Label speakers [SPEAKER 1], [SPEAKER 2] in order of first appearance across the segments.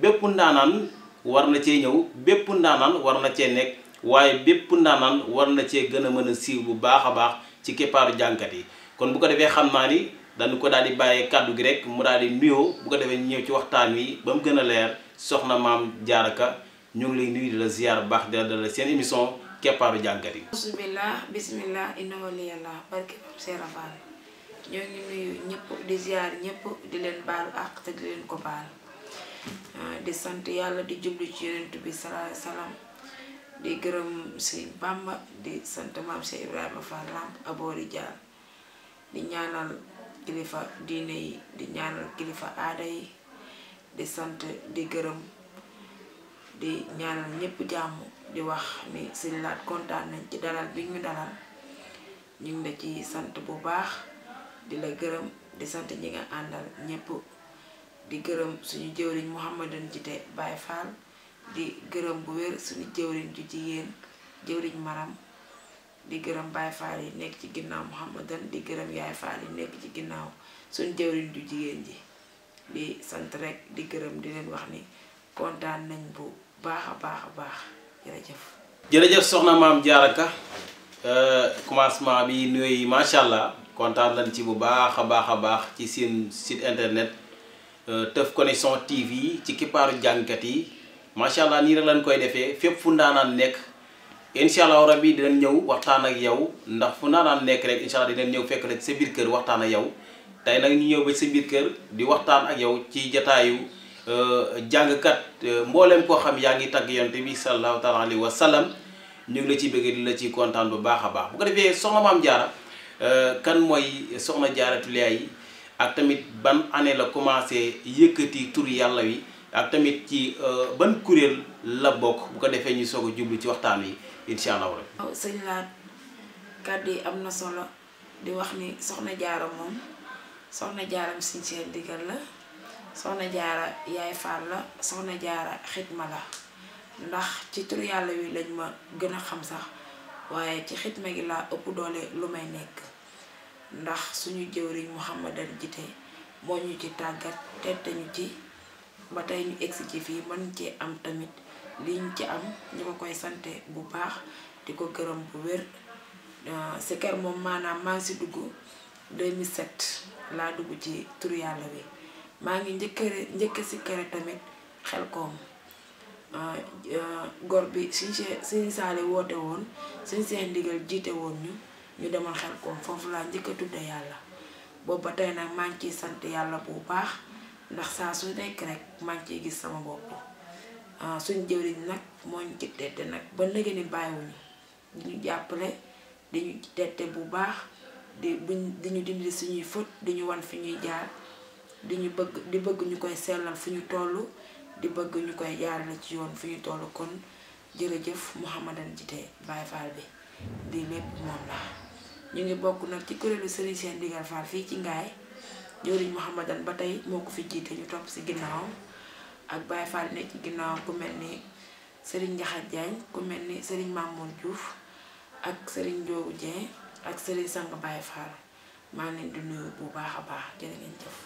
[SPEAKER 1] bépp ndaanaan war na cee ñëw bépp ndaanaan war na cee nekk waaye bépp ndaanaan war na cee gën a mën a siiw bu baax a baax ci keppaaru jànkat yi kon bu ko defee xam naa ni dañu ko daal di bàyyee kàddu gi rek mu daal di nuyoo bu ko defee ñëw ci waxtaan wi ba mu gën a leer soxna maam Diarra Ka ñu ngi lay nuyu di la ziar bu baax di la seen émission keppaaru jànkat yi.
[SPEAKER 2] bisimilah bisimilah inna waliyallah barke Seera Fall ñoo ngi nuyu ñëpp di ziar ñëpp Ah, di sant yalla di jublu ci yonent bi sallallahu alayhi wasallam di gërem Sëriñ Bamba di sant maam Cheikh Ibrahima Fall abori Jaar di ñaanal kilifa diine yi di ñaanal kilifa aada yi di sant di gërem di ñaanal ñepp di wax ni seigne lat kontaan nañ ci dalal bi ñu dalal ñu ngi ci sant bu baax di la gërem di sant ñi nga andal ñepp di gërëm suñu jëwriñ Mouhamadan Jité Baye Fall di gërëm bu wér suñu jëwriñ ju jigéen jëwriñ Maram di gërëm Baye Fall yi nekk ci ginnaaw Mouhamadan di gërëm Yaay Fall yi nekk ci ginnaaw suñu jëwriñ ju jigéen ji di sant rek di gërëm di leen wax ni kontaan nañ bu baax a baax a baax
[SPEAKER 1] jërëjëf. jërëjëf soxna maam Diarra euh, commencement bi nuyu yi macha allah kontaan nañ ci bu baax a baax a baax ci seen site internet. Euh, teuf connexion TV ci kippaaru jàngkat yi macha allah nii rek lañ koy defé fep fu ndanan nek inshallah allah rabi dinañ ñew waxtaan ak yow ndax fu ndanan nek rek inshallah allah dinañ ñew fekk rek ci sa biir kër waxtaan ak yow tay nak ñu ñew ba ci sa biir kër di waxtaan ak yow ci jataayu euh, jàngkat euh, mboolem ko xam yaangi tag yonte bi sallallahu taala alayhi wa sallam ñu ngi la ci bëgg di la ci bu baaxa baax bu ko defé soxna maam jaara kan moy soxna jaara Tuliyaayi ak tamit ban année la commencé yëkkati tur yàlla wi ak tamit ci euh, ban kuréel la bokk bu ko defee ñu soog a jublu ci waxtaan wi incha allah. waaw oh,
[SPEAKER 2] sëñ Laat kàddu yi am na solo di wax ni soxna jaara moom soxna jaaram sincère digal la soxna jaara yaay faal la soxna jaara xitma la ndax ci tur yàlla wi lañ ma gën a xam sax waaye ci xitma gi laa ëpp doole lu may nekk. ndax suñu jëwriñ mouhamadal jite moo ñu ci tàggat teddañu ci ba tey ñu egsi ci fii mën ci am tamit liñ ci am ñu ko koy sante bu baax di ko gërëm bu wér euh, sekeer moom maanaam maa ngi si dugg 2007 laa dugg ci tur yàlla bi maa ngi njëkkëre njëkke si kere tamit xel koom euh, euh, gor bi suñ sa suñ saale woote woon suñ seen ndigal jiite woon ñu ñu demal xel koom foofu laa njëkk a tudde yàlla boobu ba tey nag maa ngi ciy sant yàlla bu baax ndax saa su nekk rek maa ngi ciy gis sama bopp ah, suñ jëwriñ nag moo ñu nag ba léegi ni bàyyiwuñu di ñu jàppale di ñu tette bu baax di buñ di ñu dimbali suñuy fët di ñu wan fi ñuy jaar di ñu bëgg di bëgg ñu koy sellal fu ñu toll di bëgg ñu koy jaarale ci yoon fu ñu toll kon jërëjëf Mouhamadane jite Baye Fall bi di lépp moom la ñu ngi bokk nag ci kuréelu Serigne Cheikh Ndigal Fall fii ci ngaay jëwriñ Mouhamadan ba tey moo ko fi jiite ñu topp si ginnaawam ak Baye Fall nekk ci ginnaaw ku mel ni Serigne Ndiakhate Diagne ku mel ni Serigne Mamour Diouf ak Serigne Ndiogou Dieng ak Serigne Sang Baye Fall maa ngi leen bu baax a baax jërë ngeen jëf.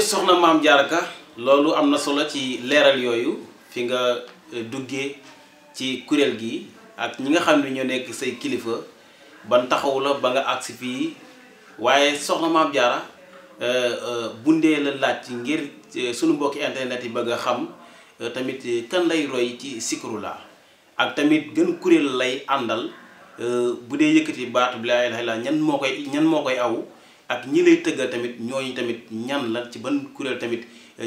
[SPEAKER 1] soxna maam Diaraka loolu am na solo ci leeral yooyu fi nga eh, duggee ci kuréel gi ak ñi nga xam ne ñoo nekk say kilifa. ban taxaw la ba nga agsi fii waaye soxna maam jaara euh, euh, bundee la laaj ngir euh, suñu mbokki internet yi bëgg a xam tamit kan lay roy ci sikru la ak tamit gën kuréel lay àndal bu dee yëkkati baatu bi laa la ñan moo koy ñan moo koy aw ak ñi lay tëggal tamit ñooñu tamit ñan la ci ban kuréel tamit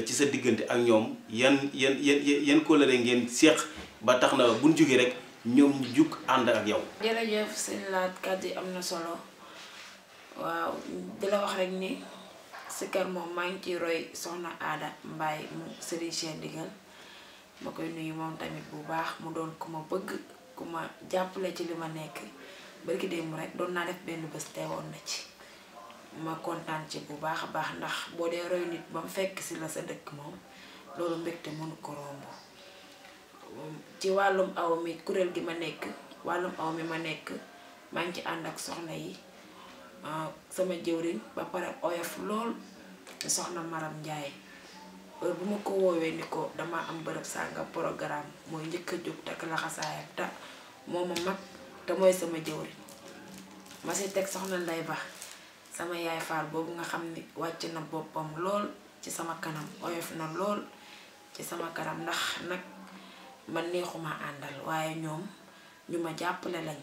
[SPEAKER 1] ci sa diggante ak ñoom yan yan yan yan kóllëre ngeen séq ba tax na buñ jógee rek ñoom jukk ànd ak yow.
[SPEAKER 2] jërëjëf sëñ laat kàddu yi am na solo waaw di la wax rek ni sikar moom maa ngi ciy roy soxna aada mbaay mu sëriñ Cheikh Ndigal ma koy nuyu moom tamit bu baax mu doon ku ma bëgg ku ma jàppale ci li ma nekk barki démb rek doon naa def benn bés woon na ci ma kontaan ci bu baax a baax ndax boo dee roy nit ba mu fekk si la sa dëkk moom loolu mbett mënu ko romb ci wàllum aw mi kuréel gi ma nekk wàllum aw mi ma nekk maa ngi ci ànd ak soxna yi ah, sama jëwriñ ba pare oyof lool soxna Maram Ndiaye bu ma ko woowee ni ko dama am bërëb sànga programme mooy njëkk a jóg takk laxasaayam te moo ma mag te mooy sama jëwriñ ma si teg soxna Ndey Ba sama yaay faal boobu nga xam ni wàcc na boppam lool ci sama kanam oyof na lool ci sama kanam ndax nag man neexuma àndal waaye ñoom ñu ma jàppale lañ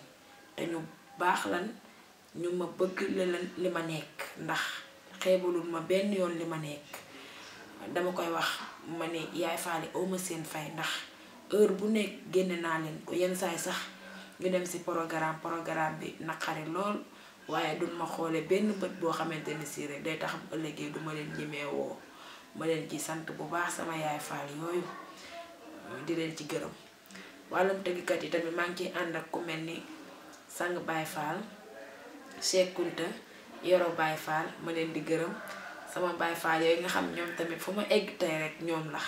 [SPEAKER 2] te ñu baax lan ñu ma bëgg li ma nekk ndax xeebalul ma benn yoon li ma nekk dama koy wax ma ne yaay faale awma seen fay ndax heure bu nekk génne naa leen ko yenn saay sax ñu dem si programme programme bi naqari lool waaye duñ ma xoole benn bët boo xamante ni si rek day tax bu ëllëgee duma leen ñemee woo ma leen ci sant bu baax sama yaay faal yooyu di leen ci gërëm wàllum tëggkat yi tamit maa ngi ciy ànd ak ku mel ni sang Baye Fall Cheikh Kunta Yoro Baye ma leen di gërëm sama Baye Fall yooyu nga xam ñoom tamit fu ma egg rek ñoom la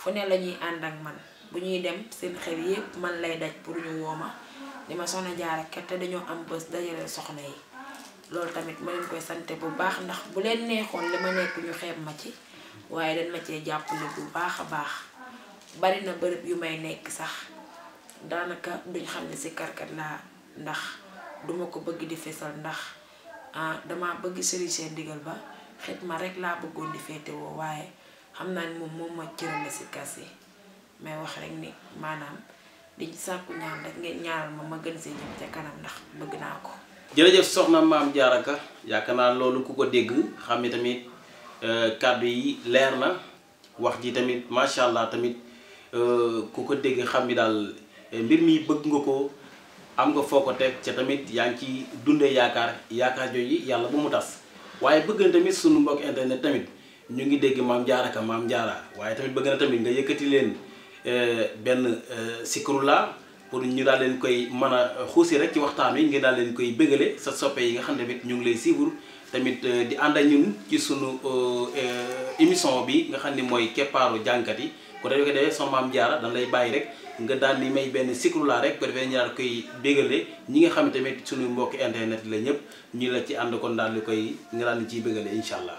[SPEAKER 2] fu ne ànd ak man bu ñuy dem seen xel man lay daj pour ñu wooma li ma soxna jaar ak te dañoo am bés dajale soxna yi loolu tamit koy sante bu baax ndax bu leen neexoon li ma nekkuñu ñu xeeb ma ci waaye dañ ma cee jàppale bu baax a baax bari na bërb yu may nekk sax danaka duñ xam ci karkat la ndax duma ko bëgg di fessal ndax ah dama bëgg sëriñ ndigal ba xet ma rek la bëggoon di fété wo waye xamna ni mom moma ma ci kasse may wax rek ni manam di sakku ñaan rek ngeen ñaaral ma ma gën ci jëm ci kanam ndax bëgg na ko
[SPEAKER 1] jërëjëf soxna maam jaaraka Ka yaakaar loolu ku ko dégg xam ni tamit cadeau eh, yi leer na wax ji tamit machallah tamit Euh, ku ko dégg xam bi daal eh, mbir mi bëgg nga ko am nga foo ko teg ca tamit yaa ngi ci dundee yaakaar yaakaar yi yàlla bu mu tas waaye bëgg na tamit sunu mbokk internet tamit ñu ngi dégg maam jaara ka maam jaara waaye tamit bëgg na tamit nga yëkkati leen eh, benn eh, sikurula pour ñu daal leen koy mën a xuusi rek ci waxtaan wi nga daal leen koy bëggale sa soppe yi nga xam ne tamit ñu ngi lay suivre tamit di ànd ak ñun ci sunu émission bi nga xam ne mooy keppaaru jànkat yi ko defee defee sama maam jaara dañ bàyyi rek nga daan di may benn sikru laa rek ko defee koy bégale ñi nga xam tamit suñu mbokk internet la ñëpp ñu la ci ànd kon daal di koy nga daal di ciy bégale incha la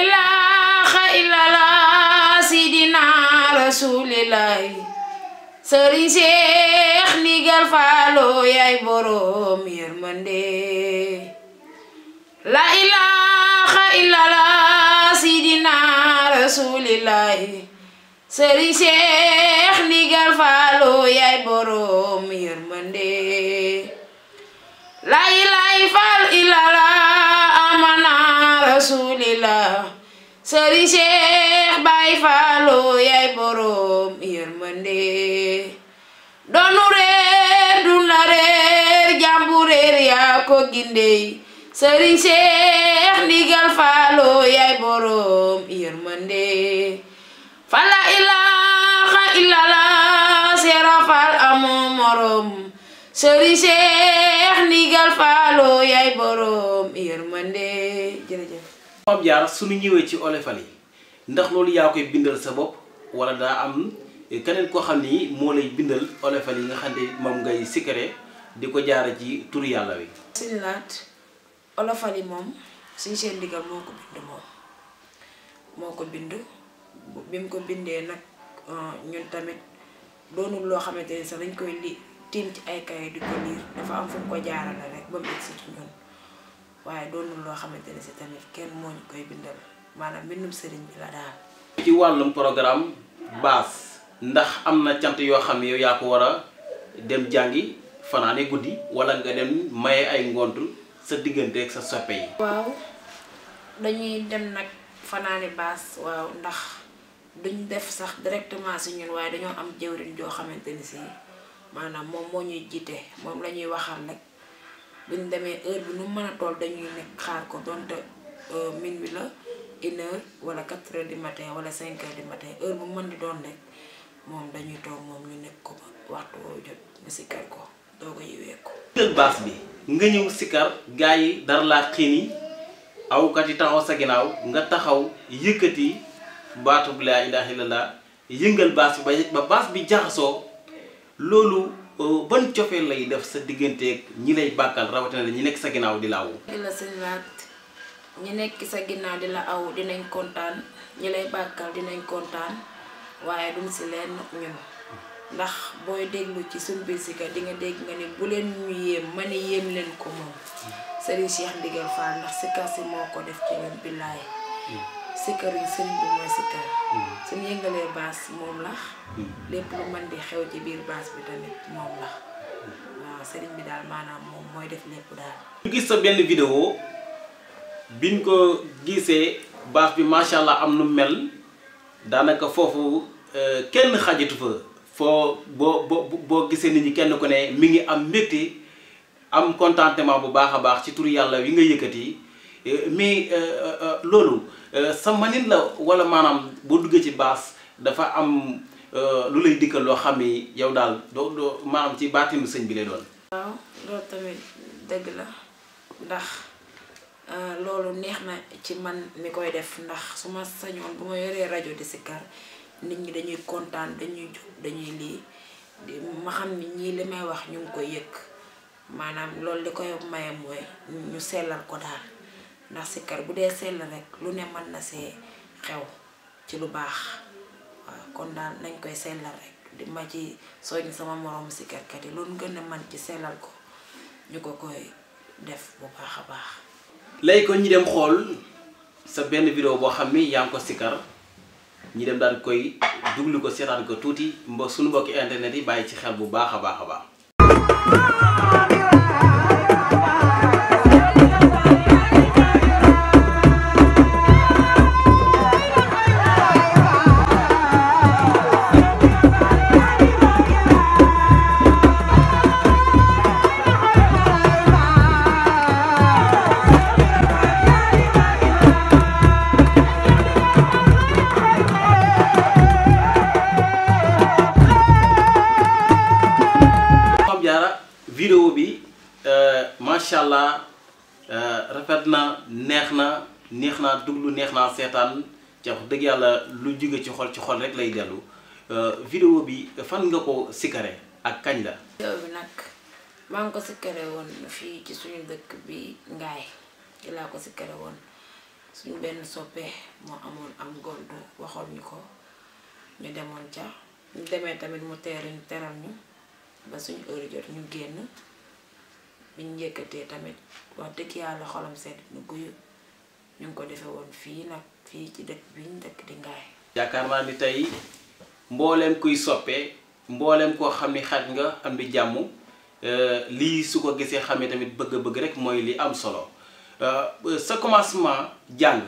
[SPEAKER 3] ilaha illallah sidina rasulillahi sëriñ sëriñ Seex ndigal faalu yaay borom yërmande lay lay fal ilala amana rasulillah sëriñ Seex bay faalu yaay borom yërmande doonu reer duna reer jàmbu reer yaa gindey sëriñ Seex ndigal faalu yaay borom yërmande lala serafal amoo morom sëriñ Seex ndigal faaloo yaay borom
[SPEAKER 1] yërmande jërëjëf. Pape Diarra suñu ñëwee ci olofal yi ndax loolu yaa koy bindal sa bopp wala daa am keneen koo xam ni moo lay bindal olofal yi nga xam ne moom ngay sikkare di ko jaara ci turu yàlla wi.
[SPEAKER 2] suñu yi moom suñu seen ndigal moo ko bind moom moo ko bind bi mu ko bindee nag. Euh, ñun tamit doonul loo xamante ne sax dañ koy li tiim ci ay kayit di ko liir dafa am fu mu ko jaarale rek ba mu egsi ci ñun waaye doonul loo xamante ne si tamit kenn moo ñu koy bindal maanaam mbindum sëriñ bi la daal.
[SPEAKER 1] ci wàllum programme baas ndax am na cant yoo xam ne yow yaa ko war a dem jàngi fanaane guddi wala nga dem maye ay ngont sa diggante ak sa soppe yi.
[SPEAKER 2] waaw dañuy dem nag fanaane base waaw ndax. duñ def sax directement si ñun waaye dañoo am jëwriñ joo xamante ni si maanaam moom moo ñuy jiite moom la ñuy waxal rek buñ demee heure bi nu mën a tool dañuy nekk xaar ko donte euh, minuit la une heure wala quatre di du matin wala cinq heures du matin heure bu mën di doon rek moom dañuy toog moom ñu nekk ko waxtu woo
[SPEAKER 1] jot nga sikkal ko doo ko yiwee ko. baas bi nga ñëw sikkar gars yi dara laa xiin yi awkat yi taxaw sa ginaaw nga taxaw yëkkati. baatub laa ilaha illallah yëngal baas bi ba ba baas bi jaxasoo loolu euh, ban cofeel lay def sa digganteeg ñi lay bàkkal rawatina ñi nekk sa ginnaaw di la aw
[SPEAKER 2] la sëñ Laat ñi nekk sa ginnaaw di la aw dinañ kontaan ñi lay bàkkal dinañ kontaan waaye duñ si leen ñun ndax booy déglu ci sumbil si ka di nga dégg nga ne bu leen ñu yéem ma ni yéem leen ko moom mm. Serigne Cheikh Ndigal Fall ndax si kasi moo ko def ci ñun billaay mm. sikkar yi sëriñ bi mooy sikkar mm-hmm. suñu yëngalee baas moom la mm-hmm. lépp lu mën di xew ci biir baas bi tamit moom la mm-hmm. waaw sëriñ bi daal maanaam moom mooy def lépp daal
[SPEAKER 1] ñu gis sa benn vidéo biñ ko gisee baas bi macha allah am nu mel daanaka foofu euh, kenn xajatu fa foo boo boo boo gisee nit ñi kenn ku ne mi ngi am mbégte am contentement bu baax a baax ci tur yàlla wi nga yëkkati euh, mais euh, loolu Euh, sama nit la wala maanaam boo duggee ci baas dafa am euh, lu lay dikkal loo xam ni yow daal doo doo maanaam ci baatinu sëñ bi lay doon.
[SPEAKER 2] waaw loolu tamit dëgg la ndax euh, loolu neex na ci man ni koy def ndax su ma sañoon bu ma yoree rajo di sikkar nit ñi dañuy kontaan dañuy jóg dañuy lii ma xam ni ñii li may wax ñu ngi koy yëkk maanaam loolu li koy maye mooy ñu sellal ko daal. ndax sikar bu dee sell rek lu ne mën na see xew ci lu baax waaw kon daal nañ koy sellal rek di ma ci soññ sama moroom sikkarkat yi loolu gën a mën ci sellal ko ñu ko koy def bu baax a baax
[SPEAKER 1] léegi kon ñi dem xool sa benn vidéo boo xam ni yaa ko sikkar ñi dem daal koy duglu ko seetaan ko tuuti mba suñu mbokki internet yi bàyyi ci xel bu baax a baax a baax dëgg yàlla lu jóge ci xol ci xol rek lay dellu euh, vidéo bi fan nga ko sikkare ak kañ la vidéo
[SPEAKER 2] bi nag maa ngi ko sikkare woon fii ci suñu dëkk bi ngaay ci laa ko sikkare woon suñ benn soppee moo amoon am gordu waxoon ñu ko ñu demoon ca ñu demee tamit mu teeruñ teral ñu ba suñu heure ñu génn biñ yëkkatee tamit wax dëgg yàlla xolam sedd ñu guyu ñu ngi ko defee woon fii nag fii ci dëkk bi ñu dëkk di ngaay
[SPEAKER 1] yaakaar naa ni tey mbooleem kuy soppee mbooleem koo xam ni xaj nga am di jàmm euh, lii su ko gisee xamee tamit bëgg-bëgg rek mooy li am solo euh, sa commencement jàng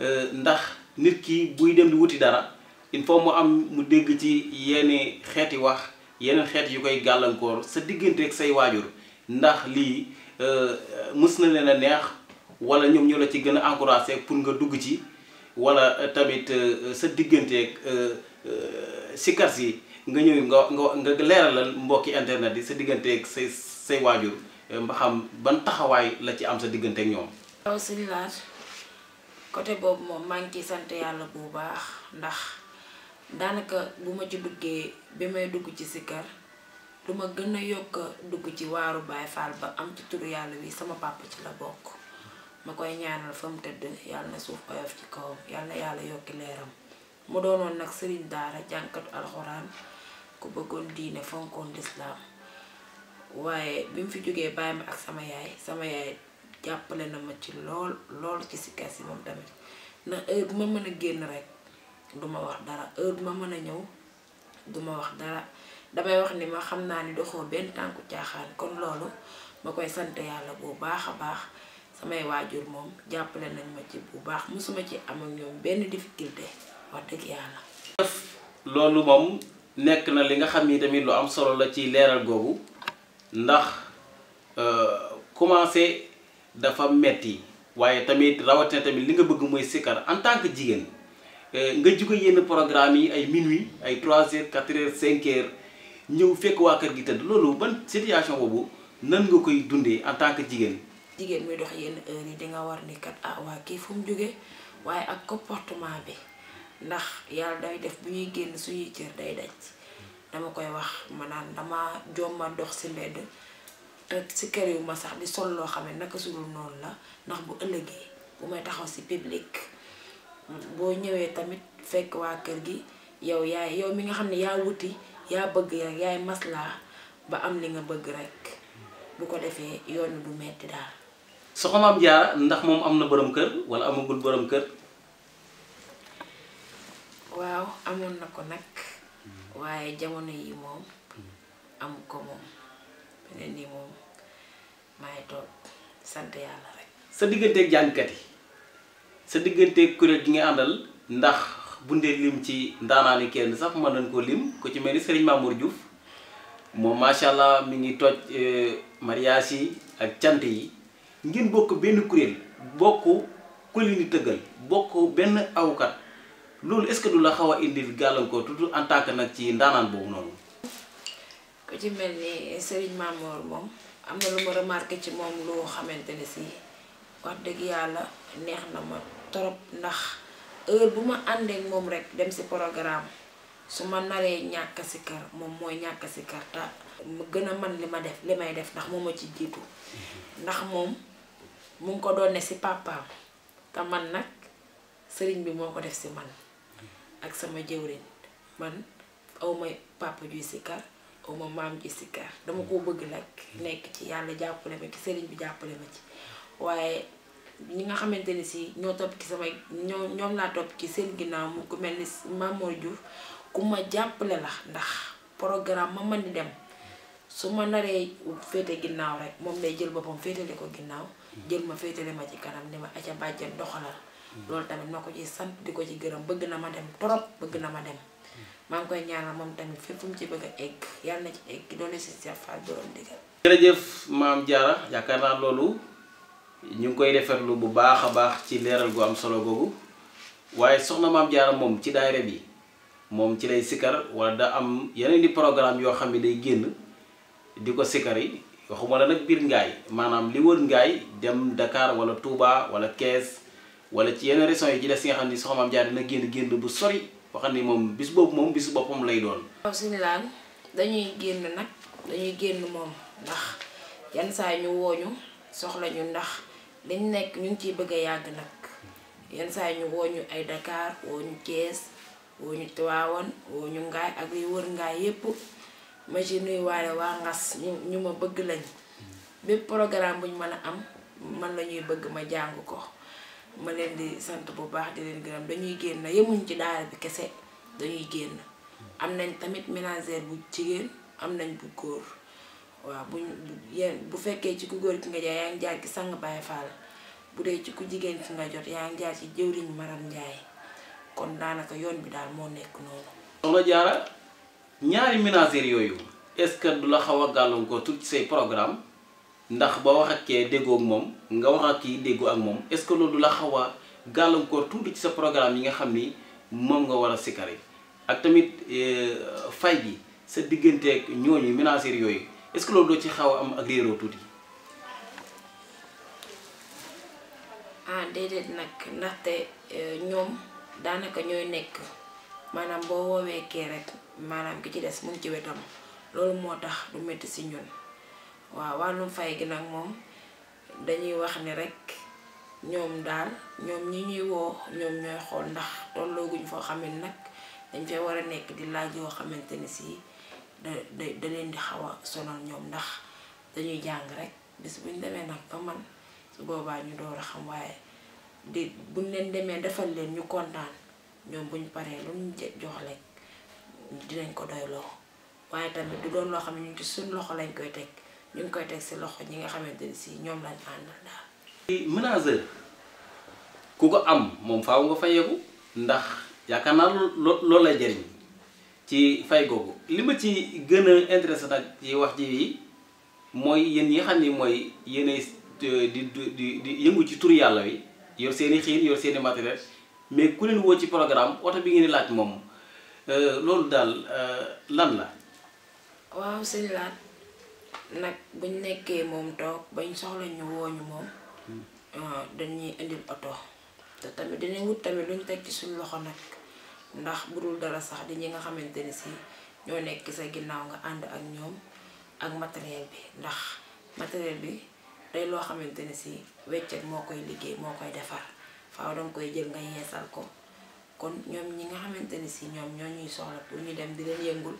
[SPEAKER 1] euh, ndax nit ki buy dem di wuti dara il faut mu am mu dégg ci yenn xeeti wax yeneen xeet yu koy gàllankoor sa diggante ak say waajur ndax lii mës na leen a neex wala ñoom ñoo la ci gën a encouragé pour nga dugg ci wala euh, tamit euh, euh, sa digganteeg sikars yi nga ñëw nga nga nga leeralal mbokki internet yi sa digganteeg say say waajur mbaxam xam ban taxawaay la ci am sa digganteeg ñoom.
[SPEAKER 2] waaw côté boobu moom maa ngi ciy sant yàlla bu baax ndax daanaka bu ma ci duggee bi may dugg ci sikar lu ma gën a yokk dugg ci waaru Baay Faal ba am ci yàlla wi sama papa ci la bokk. ma koy ñaanal fa mu tëdd yàlla na suuf oyof ci kawam yàlla yàlla yokki leeram mu doonoon nag sëriñ daara jànkatu alxuraan ku bëggoon diine fonkoon lislaam waaye bi mu fi jógee bàyyi ma ak sama yaay sama yaay jàppale na ma ci lool lool ci si kes yi moom tamit ndax heure ma mën a génn rek duma wax dara heure ma mën a ñëw duma wax dara damay wax ni ma xam naa ni doxoo benn tànku caaxaan kon loolu ma koy sant yàlla bu baax a baax samay waajur moom jàppale nañ ma ci bu baax mosuma ci am ak ñoom benn difficulté wax
[SPEAKER 1] dëgg yàlla. loolu moom nekk na li nga xam ni tamit lu am solo la ci leeral googu ndax euh, commencé dafa metti waaye tamit rawatina tamit li nga bëgg mooy sikkar en tant que jigéen euh, nga jóge yenn programme yi ay minuit ay 3 heures 4 heures 5 heures ñëw fekk waa kër gi tëdd loolu ban situation boobu nan nga koy dundee en tant que jigéen.
[SPEAKER 2] jigéen muy dox yeen heure yi nga war ni kat ah wa ki fum mu waye ak comportement bi ndax yalla day def bu ñuy génn suñuy cër day daj dama koy wax ma naan dama jomma dox ci mbedd te ci kër yu ma sax di sol lo xamé naka suñu non la ndax bu ëllëgé bu may taxaw ci public bo ñëwé tamit fekk wa kër gi yow yaay yow mi nga xamné ya wuti ya bëgg rek yaay masla ba am li nga bëgg rek bu ko defé yoonu du metti daal
[SPEAKER 1] soxnaam jaara ndax mom amna borom kër wala amagul borom kër
[SPEAKER 2] waaw amon na ko nag waaye jamono yi mom am ko mom benen ni mom may toog sante yalla rek
[SPEAKER 1] sa digganteeg jàngkat yi sa ak kurel gi nga andal ndax bundee lim ci ndaanaani kenn sax man nañ ko lim ko ci melni Serigne Mamour Diouf mom machallah mi ngi toj eh, mariage yi ak cant yi ngeen bokk benn kuréel bokk ku leen di tëggal bokk benn awkat loolu est-ce la xaw a indil gàllankoor tuuti en tant nag ci ndaanaan boobu noonu. ku ci
[SPEAKER 2] mel ni Serigne Mamour moom am na lu ma remarqué ci moom loo xamante ne si wax dëgg yàlla neex na ma trop ndax heure bu ma àndeek moom rek dem si programme su ma naree ñàkk si kar moom mooy ñàkk si kar ta mu gën a man li ma def li may def ndax moom ma ci jiitu mm-hmm. ndax moom. mu ngi ko doon ne si papaam te man nag sëriñ bi moo ko def si man ak sama jëwriñ man may papa juy sikkar mam maam juy sikkar dama ko bëgg nag nekk ci yàlla jàppale ma ci sëriñ bi jàppale ma ci waaye ñi nga xamante ni si ñoo topp ci sama ñoo ñoom laa topp ci seen ginnaaw mu ko mel ni Mamour Diouf ku ma jàppale la ndax programme ma mën di dem su ma naree féete ginnaaw rek moom lay jël boppam féetale ko ginnaaw jël ma féetale ma ci kanam ni ma aca bàjjen doxalal mm. loolu tamit ma ko ci sant di ko ci gërëm bëgg na ma dem torop bëgg na ma dem mm. ma ngi koy ñaanal moom tamit fépp fu mu ci bëgg a egg yàlla na ci egg doole si Cheikh Fall borom digal
[SPEAKER 1] jërëjëf maam Diarra yaakaar naa loolu ñu ngi koy defarlu bu baax a baax ci leeral gu am solo googu waaye soxna maam Diarra mom ci daayira bi mom ci lay sikar wala da am yeneen di programme yo xam ne day génn di ko sikari yi waxuma la nag biir ngaay maanaam li wër ngaay dem dakaar wala Touba wala Kees wala ci yenn régions yi ci des nga xam ni soxna Maam Jaara génn génn bu sori boo xam ni moom bis boobu moom boppam lay doon.
[SPEAKER 2] waaw suñu laal dañuy génn nag dañuy génn moom ndax yan saa ñu woo soxla ñu ndax liñ nekk ñu ngi ciy bëgg a yàgg nag yan saa ñu woo ñu ay Dakar woo ñu Kees woo Tiwaawan woo Ngaay ak liy wër Ngaay yépp ma ci nuyuwaale waa ngas ñu ma bëgg lañ bépp programme bu ñu mën a am man la ñuy bëgg ma jàng ko ma leen di sant bu baax di leen gërëm dañuy génn yemuñ ci daara bi kese dañuy génn am nañ tamit ménagère bu jigéen am nañ bu góor waaw bu yéen bu fekkee ci ku góor ki nga jaay yaa ngi jaar ci sang Baye Fall bu dee ci ku jigéen ki nga jot yaa ngi jaar ci jëwriñ Maram Njaay kon daanaka yoon bi daal moo nekk noonu.
[SPEAKER 1] soxna Diarra. ñaari ménagères yooyu est-ce que du la xaw a gàllankoor tout say programme ndax ba wax ak kee moom nga wax ak kii moom est-ce que loolu du la xaw a gàllankoor tuuti ci sa programme yi nga xam ni moom nga war a sikari ak tamit euh, fay gi sa digganteeg ñooñu ménagères yooyu est-ce que loolu doo ci xaw a am ak réeroo tuuti.
[SPEAKER 2] ah déedéet nag ndaxte euh, ñoom daanaka ñooy nekk. maanaam boo woowee kee rek maanaam ki ci des mun ci wetam loolu moo tax du metti si njun waaw wàllum fay gi nag moom dañuy wax ni rek ñoom daal ñoom ñi ñuy woo ñoom ñooy xool ndax tollooguñ foo xam ne nag dañ fee war a nekk di laaj yoo xamante ni si da da leen di xaw a sonal ñoom ndax dañuy jàng rek bis buñ demee nag ba man su boobaa ñu door a xam waaye di buñ leen demee defal leen ñu kontaan. ñoom bu ñu paree lu ñu jox lekk dinañ ko doyloo waaye tamit du doon loo xam ne ñu ci suñ loxo lañ koy teg ñu ngi koy teg si loxo ñi nga xamante ne si ñoom lañ àndal daal.
[SPEAKER 1] ménageur ku ko am moom faaw nga fayeeku ndax yaakaar naa loolu lay jëriñ ci fay googu li ma ci gën a intéressé nag ci wax ji yi mooy yéen ñi xam ni mooy yéenay di di di yëngu ci tur yàlla wi yow seen i xiin yor seen i matériel mais ku wo ci programme auto bi ngeen di laaj Wow, euh, loolu daal euh, lan la.
[SPEAKER 2] waaw sëñ laat nak buñ nekké mom tok bañ soxla ñu woñu mom hmm. euh dañuy andil auto te tamit dinañ wut tamit luñu tek ci suñu loxo nak ndax bu dara sax di ñi nga xamanteni ci si ñoo nekk sa ginnaw nga and ak ñoom ak matériel bi ndax matériel bi day lo xamanteni ci si mo koy liggéey mo koy defar faaw danga koy jël nga yéssal ko kon ñom ñi nga xamanteni ni si ñoom ñoo ñuy soxla pour ñu dem di leen yëngul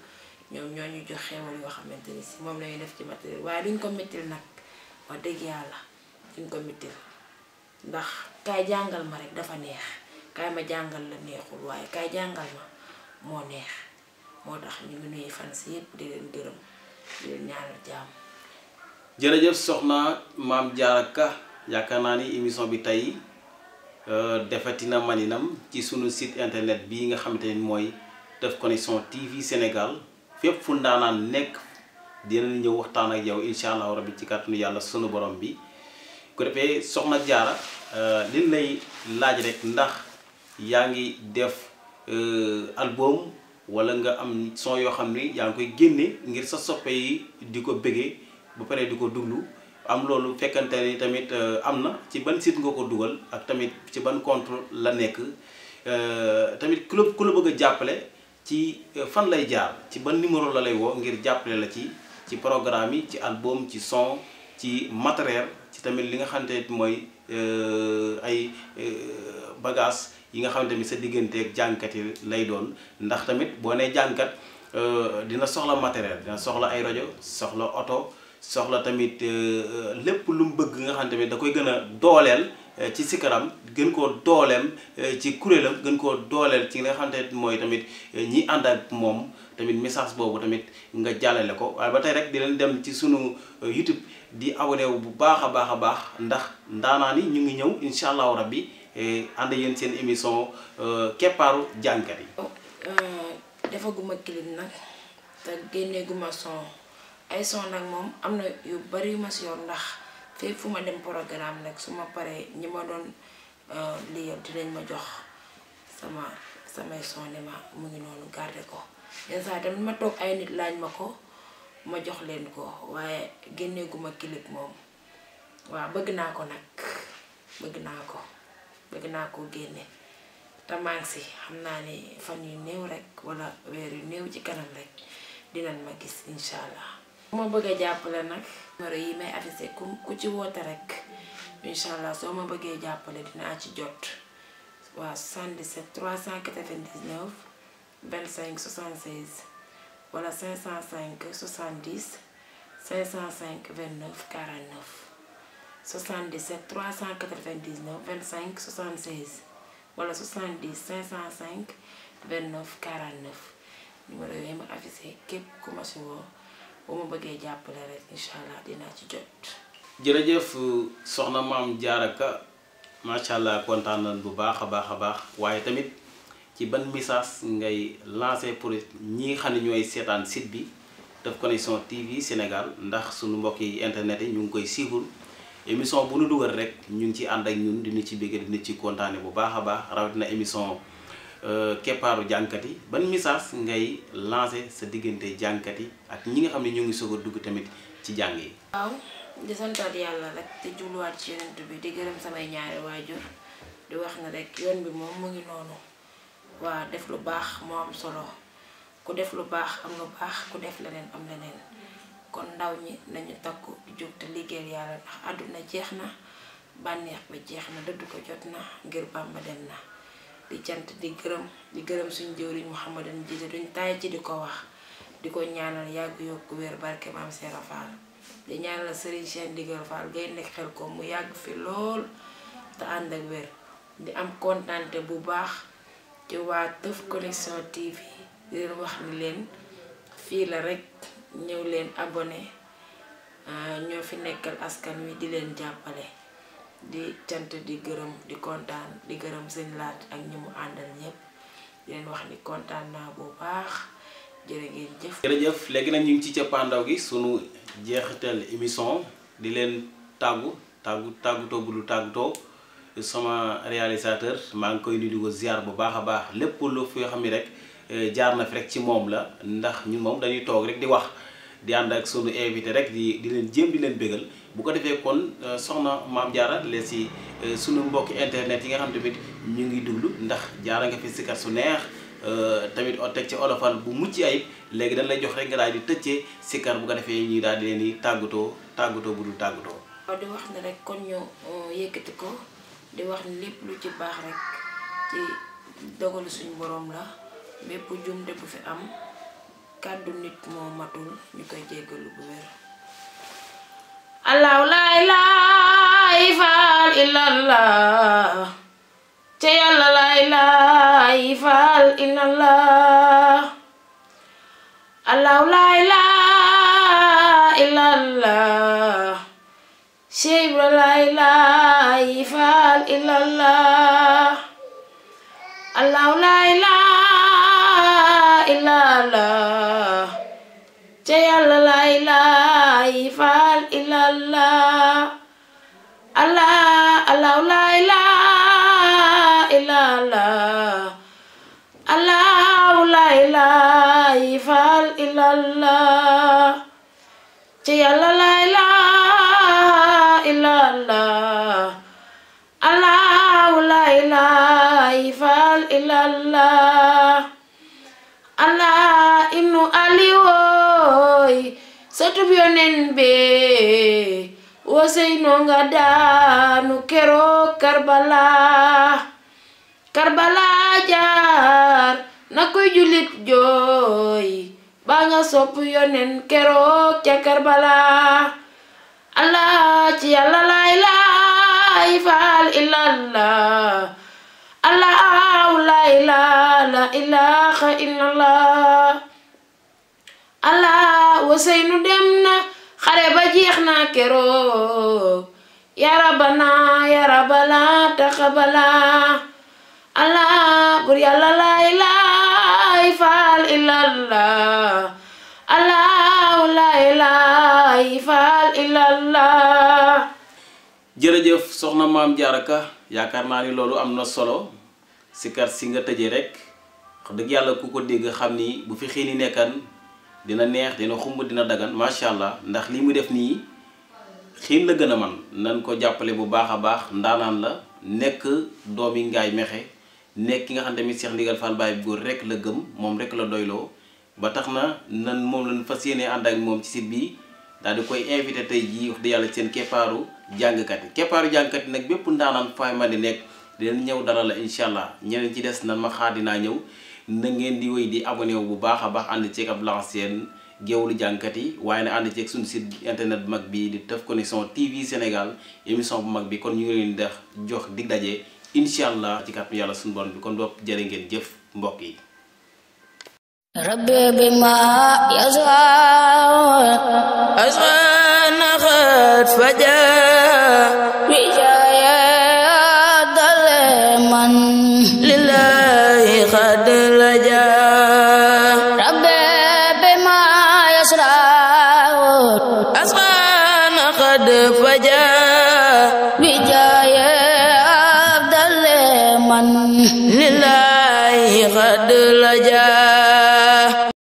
[SPEAKER 2] ñom ñoo ñu jox xéewal yoo xamanteni ni si lañuy def ci matériel waaye duñ ko mettil nak wa dëgg yàlla duñ ko mettil ndax kay jangal ma rek dafa neex kay ma jangal la neexul waaye kay jangal ma mo neex mo tax ñu ngi nuyu fan si yëpp di leen gërëm di leen ñaanal jàmm.
[SPEAKER 1] jërëjëf soxna maam jaaraka Ka yaakaar naa ni émission bi tey. Euh, defatina maninam ci sunu sit internet bii nga xamante ni mooy Teuf Connection TV Sénégal fépp fu ndaanaan nekk dinañ ñëw waxtaan ak yow incha allahu rabbi ci kàttanu yàlla sunu borom bi ko defee soxna jaara euh, liñ lay laaj rek ndax yaa ngi def euh, album wala nga am son yoo xam ni yaa ngi koy génne ngir sa soppe yi di ko bëggee ba paree di ko duglu am loolu fekkante ni tamit euh, am na ci ban site nga ko dugal ak tamit ci ban compte la nekk euh, tamit ku la ku bëgg a jàppale ci euh, fan lay jaar ci ban numéro la lay woo ngir jàppale la ci ci programme yi ci album ci son ci matériel ci tamit li nga xamante ne mooy ay bagage yi nga xamante ni sa digganteeg jàngkat yi lay doon ndax tamit boo nee jàngkat dina soxla matériel dina soxla ay rajo soxla oto soxla tamit euh, euh, lépp lu mu bëgg nga xam tamit da koy gën a dooleel euh, ci sikaram gën koo dooleem ci kuréelam gën koo dooleel ci nga xam ne mooy tamit ñi ànd ak moom tamit message boobu tamit nga jàllale ko waaye ba tey rek di leen dem ci suñu YouTube di abonné bu baax a baax a baax ndax ndaanaa ni ñu ngi ñëw incha allahu rabbi ànd yéen seen émission keppaaru jànkat yi. Oh,
[SPEAKER 2] defaguma clip nag te génneeguma son. ay son nag moom am na yu bari yu ma si yor ndax fépp fu ma dem programme nag su ma paree ñi ma doon euh, lii dinañ ma jox sama samay son ma mu ngi noonu garder ko yenn saa tamit ma toog ay nit laaj ma ko ma jox leen ko waaye génneeguma clip moom waa bëgg naa ko nag bëgg naa ko bëgg naa ko génne te maa si xam naa ni fan yu néew rek walla weer yu néew ci kanam rek dinañ ma gis incha bu ma bëggee jàppale nag numéro yi may affiché ku ku ci woote rek incha allah soo ma bëggee jàppale dinaa ci jot waa 77 399 25 76 wala 505 70 505 29 49 77 399 25 76 wala 70 505 29 49 numéro yooyu ma affiché képp ku ma si woo. bu ma bëggee jàppale rek incha allah dinaa ci jot.
[SPEAKER 1] jërëjëf soxna maam jaaraka Ka macha allah kontaan bu baax a baax a baax waaye tamit ci ban message ngay lancé pour ñi xam ne ñooy seetaan sit bi Teuf Connection TV Sénégal ndax sunu mbokk yi internet yi ñu ngi koy suivre émission bu nu dugal rek ñu ngi ci ànd ak ñun dina ci bëgg dina ci kontaane bu baax a baax rawatina émission. Euh, keppaaru jànkat yi ban message ngay lancé sa diggante jànkat yi ak ñi nga xam ne ñu ngi soog a dugg tamit ci jàng yi.
[SPEAKER 2] waaw di santaat yàlla rek te jubluwaat ci yonent bi di gërëm samay ñaari waajur di wax ne rek yoon bi moom mu ngi noonu waa def lu baax moo am solo ku def lu baax am lu baax ku def leneen am leneen kon ndaw ñi nañu takku jóg te liggéeyal yàlla ndax àdduna jeex na bànneex ba jeex na dëdd ko jot na ngir Bàmba dem na di cant di gërëm di gërëm suñ jëwriñ muhammadan jiite duñ tay ci di wax di ko ñaanal yàgg yokk wër barké mam séra fall di ñaanal sëriñ cheikh digël fall gay nek xel ko mu yag fi lool ta and ak wër di am contenté bu baax ci wa Teuf connexion TV di leen wax ni leen fi la rek ñëw leen abonné ah, ñoo fi nekkal askan wi di leen jappalé di cant di gërëm di kontaan di gërëm sëñ laat ak ñu mu àndal ñëpp leen wax ni kontaan naa bu baax jërë ngeen jëf. jërëjëf
[SPEAKER 1] léegi nag ñu ngi ci cappaandaw gi suñu jeexital émission di leen tàggu tàggu tàggutoo bu dul tàggutoo sama réalisateur maa ngi koy nuyu di ko ziar bu baax a baax lépp lu fi xam ni rek eh, jaar na fi rek ci moom la ndax ñu moom dañuy toog rek di wax. di ànd ak sunu invité rek di di leen jéem di leen bégal bu ko defee kon euh, soxna maam jaara leen si euh, sunu mbokki internet yi nga xam tamit ñu ngi duglu ndax jaara nga fi sikkat su neex euh, tamit teg ci olofal bu mucc ay léegi dañ lay jox rek nga daal di tëccee sikkar bu ko defee ñuy daal di leen di tàggatoo tàggatoo bu dul tàggatoo.
[SPEAKER 2] di wax ne rek kon ñu yëkkati ko di wax ne lépp lu ci baax rek ci dogalu suñu borom la
[SPEAKER 3] bépp jumte bu fi am. kàddu nit moo matul ñu koy
[SPEAKER 2] jéggalu bu wér
[SPEAKER 3] allahu laa ilaaha illallah ca yàlla laa ilaaha illallah allahu laa ilaaha illallah Cheikh Ibra laa ilaaha illallah allahu laa ilaaha illallah ca yàlla lay laay faal ilalla sëtub yonen be Useynu nga daanu keroog Karbala Karbala jaar na koy jullit jooy ba nga sopp yonen keroog ca Karbala Allah ci Yàlla la ilaha illallah Allah la ilaha illallah Useynu dem na xare ba jeex na keroog yarabana yarabala taxabala allah bur yàlla laa ilaaha ifaal illallah allah laa ilaaha ifaal illallah
[SPEAKER 1] jërëjëf soxna maam jaaraka yaakaar naa ni loolu am na solo sikar si nga tëjee rek wax dëgg yàlla ku ko dégg xam ni bu fi xiini nekkan dina neex dina xumb dina dagan macha allah ndax li mu def nii xiin la gën a man nan ko jàppale bu baax a baax ndaanaan la nekk doomi ngaay mexe nekk ki nga xam tamit Cheikh Ndigal Fall Baye góor rek la gëm moom rek la doyloo ba tax na nan moom lañ fas yéene ànd ak moom ci site bi daal di koy invité tey jii wax di yàlla seen keppaaru jàngkat yi keppaaru jàngkat yi nag bépp ndaanaan fay ma di nekk dinañ ñëw dara la incha allah ñeneen ci des nan ma xaar dinaa ñëw na ngeen di woy di abonné wu bu baax a baax ànd ceeg ab l'ancienne géewlu jankati waye na and ci ak sun site internet mag bi di Teuf connexion TV Sénégal émission bu mag bi kon ñu ngi leen def jox dig dajé inshallah ci kat yalla sun borom bi kon bopp jërë ngeen jëf mbokk yi
[SPEAKER 3] ربي بما يزهر أزهر نخت فجأة
[SPEAKER 1] belajar